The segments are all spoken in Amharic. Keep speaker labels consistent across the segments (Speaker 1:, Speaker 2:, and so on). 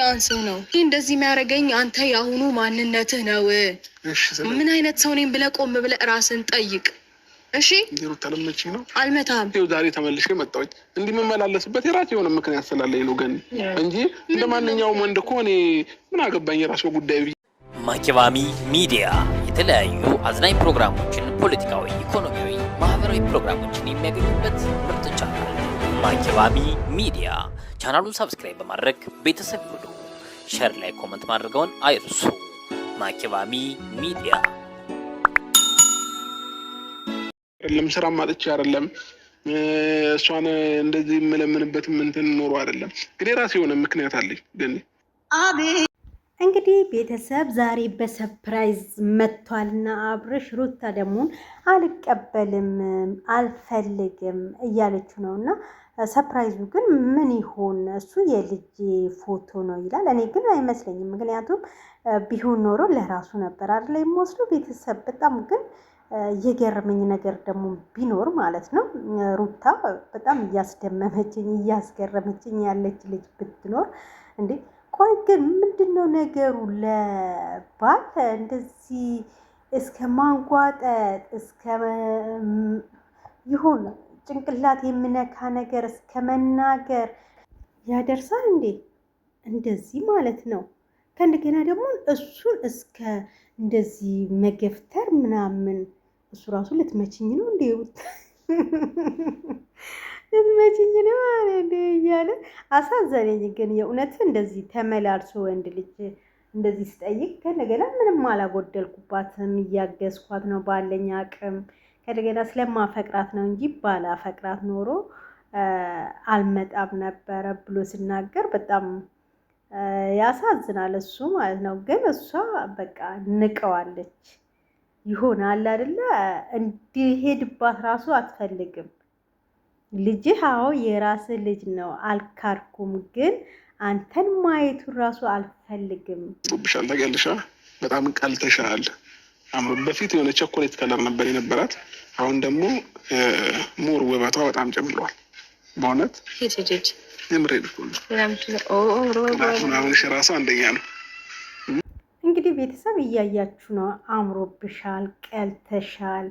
Speaker 1: ያን ሰው ነው ይህ እንደዚህ የሚያደርገኝ አንተ የአሁኑ ማንነትህ ነው። ምን አይነት ሰው ነኝ ብለህ ቆም ብለህ ራስን ጠይቅ። እሺ
Speaker 2: ሩት አልመችኝ ነው አልመታም። ዛሬ ተመልሼ መጣሁኝ። እንዲህ የምመላለስበት የራሴ የሆነ ምክንያት ስላለኝ ነው ገን እንጂ እንደ ማንኛውም ወንድ እኮ እኔ ምን አገባኝ የራሱ ጉዳይ ብዬ
Speaker 3: ማኪባሚ ሚዲያ የተለያዩ አዝናኝ ፕሮግራሞችን፣ ፖለቲካዊ፣ ኢኮኖሚያዊ፣ ማህበራዊ ፕሮግራሞችን የሚያገኙበት ምርጥ ቻናል ማኪባሚ ሚዲያ ቻናሉን ሰብስክራይብ በማድረግ ቤተሰብ ይሁኑ። ሸር ላይ ኮመንት ማድረገውን አይርሱ። ማኪባሚ ሚዲያ
Speaker 2: አይደለም ስራ ማጥቼ አይደለም እሷን እንደዚህ የምለምንበት ምንትን ኖሮ አይደለም። ግን የራሴ የሆነ ምክንያት አለኝ ግን
Speaker 4: እንግዲህ ቤተሰብ ዛሬ በሰፕራይዝ መጥቷልና አብርሽ ሩታ ደግሞ አልቀበልም አልፈልግም እያለችው ነው። እና ሰፕራይዙ ግን ምን ይሆን? እሱ የልጅ ፎቶ ነው ይላል። እኔ ግን አይመስለኝም። ምክንያቱም ቢሆን ኖሮ ለራሱ ነበር አለ የሚወስዱ ቤተሰብ። በጣም ግን የገረመኝ ነገር ደግሞ ቢኖር ማለት ነው ሩታ በጣም እያስደመመችኝ እያስገረመችኝ ያለች ልጅ ብትኖር እንዴ ቆይ ግን ምን ነው ነገሩ ለባል እንደዚህ እስከ ማንጓጠጥ እስከ ይሁን ጭንቅላት የሚነካ ነገር እስከ መናገር ያደርሳል እንዴ? እንደዚህ ማለት ነው። ከእንደገና ደግሞ እሱን እስከ እንደዚህ መገፍተር ምናምን እሱ ራሱ ልትመችኝ ነው እንዴ? ልትመጪኝ ነው አለ እያለ አሳዘነኝ። ግን የእውነት እንደዚህ ተመላልሶ ወንድ ልጅ እንደዚህ ስጠይቅ ከእንደገና ምንም አላጎደልኩባትም፣ እያገዝኳት ነው ባለኝ አቅም። ከእንደገና ስለማፈቅራት ነው እንጂ ባላፈቅራት ኖሮ አልመጣም ነበረ ብሎ ሲናገር በጣም ያሳዝናል። እሱ ማለት ነው። ግን እሷ በቃ ንቀዋለች። ይሆናል አይደለ? እንዲሄድባት ራሱ አትፈልግም። ልጅህ አዎ የራስ ልጅ ነው አልካርኩም፣ ግን አንተን ማየቱ ራሱ አልፈልግም።
Speaker 2: ብሻል ተገልሻ፣ በጣም ቀልተሻል። በፊት የሆነ ቸኮሌት ከለር ነበር የነበራት፣ አሁን ደግሞ ሙር ውበቷ በጣም ጨምሯል። በእውነት ምሬ ልኩ
Speaker 1: ምናምን
Speaker 2: እራሱ አንደኛ ነው
Speaker 4: እንግዲህ ቤተሰብ እያያችሁ ነው። አምሮብሻል፣ ቀልተሻል፣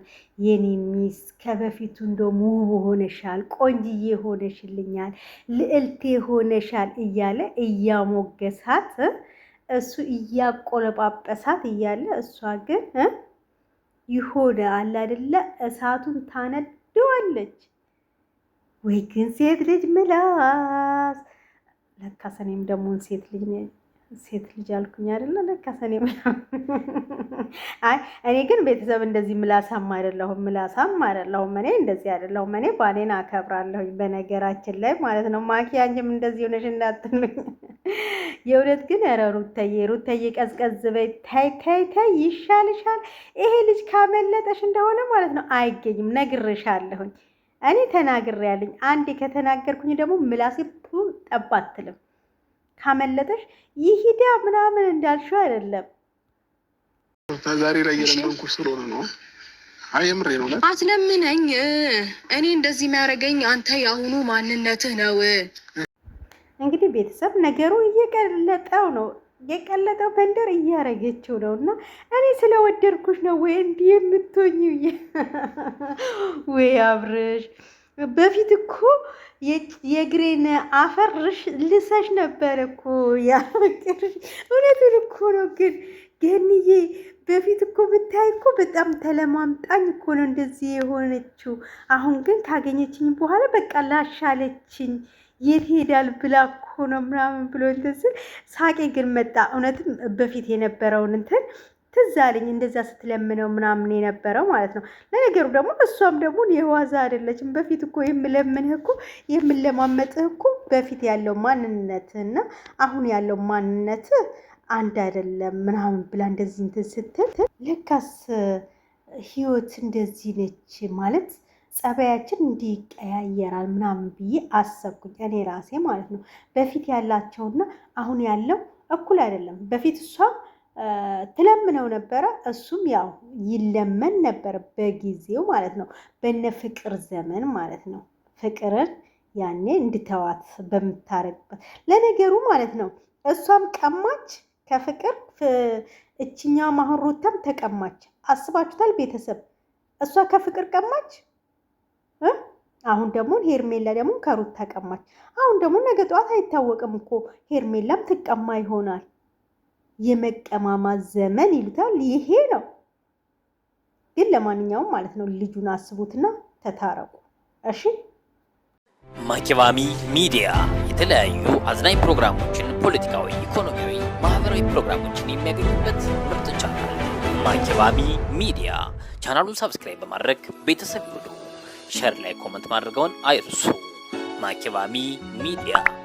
Speaker 4: የኔ ሚስ ከበፊቱ እንደ ውብ ሆነሻል፣ ቆንጅዬ ሆነሽልኛል፣ ልዕልቴ ሆነሻል እያለ እያሞገሳት እሱ እያቆለጳጰሳት እያለ እሷ ግን ይሆነ አለ አይደለ እሳቱን ታነደዋለች። ወይ ግን ሴት ልጅ ምላስ ለካሰኔም ደግሞ ሴት ልጅ ሴት ልጅ አልኩኝ አይደለ? ለካስ እኔ አይ እኔ ግን ቤተሰብ እንደዚህ ምላሳም አይደለሁም፣ ምላሳም አይደለሁም። እኔ እንደዚህ አይደለሁም። እኔ ባሌን አከብራለሁኝ። በነገራችን ላይ ማለት ነው። ማኪ አንቺም እንደዚህ ሆነሽ እንዳትሉኝ። የእውነት ግን ኧረ ሩተዬ ሩተዬ ቀዝቀዝ በይ። ታይ ታይ ታይ ይሻልሻል። ይሄ ልጅ ካመለጠሽ እንደሆነ ማለት ነው አይገኝም። ነግሬሻለሁኝ። እኔ ተናግሬያለኝ። አንዴ ከተናገርኩኝ ደግሞ ምላሴ ጠብ አትልም። ካመለጠሽ ይሂዳ ምናምን እንዳልሽው አይደለም።
Speaker 2: ዛሬ ላይ የለመንኩ ስለሆነ ነው። አየምሬ ነው።
Speaker 1: አትለምነኝ። እኔ እንደዚህ የሚያደርገኝ አንተ የአሁኑ ማንነትህ ነው።
Speaker 4: እንግዲህ ቤተሰብ ነገሩ እየቀለጠው ነው የቀለጠው መንደር እያረገችው ነው። እና እኔ ስለወደድኩሽ ነው ወይ እንዲህ የምትሆኝ? ወይ አብርሽ በፊት እኮ የእግሬን አፈር ልሰሽ ነበር እኮ ያፈቅርሽ። እውነቱን እኮ ነው። ግን ገኒዬ፣ በፊት እኮ ብታይ እኮ በጣም ተለማምጣኝ እኮ ነው እንደዚህ የሆነችው። አሁን ግን ካገኘችኝ በኋላ በቃ ላሻለችኝ የት ሄዳል ብላ እኮ ነው ምናምን ብሎ እንደዚህ ሳቄ ግን መጣ። እውነትም በፊት የነበረውን እንትን ትዝ አለኝ እንደዛ ስትለምነው ምናምን የነበረው ማለት ነው። ለነገሩ ደግሞ እሷም ደግሞ የዋዛ አይደለችም። በፊት እኮ የምለምንህ እኮ የምለማመጥህ እኮ በፊት ያለው ማንነትህና አሁን ያለው ማንነትህ አንድ አይደለም ምናምን ብላ እንደዚህ እንትን ስትል ለካስ ህይወት እንደዚህ ነች ማለት ጸባያችን እንዲቀያየራል ምናምን ብዬ አሰብኩኝ እኔ ራሴ ማለት ነው። በፊት ያላቸውና አሁን ያለው እኩል አይደለም። በፊት እሷ ትለምነው ነበረ። እሱም ያው ይለመን ነበር በጊዜው ማለት ነው፣ በነ ፍቅር ዘመን ማለት ነው። ፍቅርን ያኔ እንድተዋት በምታረግበት ለነገሩ ማለት ነው። እሷም ቀማች ከፍቅር እችኛ ማህሮታም ተቀማች። አስባችሁታል ቤተሰብ? እሷ ከፍቅር ቀማች። አሁን ደግሞ ሄርሜላ ደግሞ ከሩታ ቀማች። አሁን ደግሞ ነገ ጠዋት አይታወቅም እኮ ሄርሜላም ትቀማ ይሆናል። የመቀማማ ዘመን ይሉታል። ይሄ ነው። ግን ለማንኛውም ማለት ነው ልጁን አስቡትና ተታረቁ። እሺ።
Speaker 3: ማኪባሚ ሚዲያ የተለያዩ አዝናኝ ፕሮግራሞችን፣ ፖለቲካዊ፣ ኢኮኖሚያዊ፣ ማህበራዊ ፕሮግራሞችን የሚያገኙበት ምርጥ ቻናል ማኪባሚ ሚዲያ። ቻናሉን ሰብስክራይብ በማድረግ ቤተሰብ ይሁኑ። ሸር ላይ ኮመንት ማድረገውን አይርሱ። ማኪባሚ ሚዲያ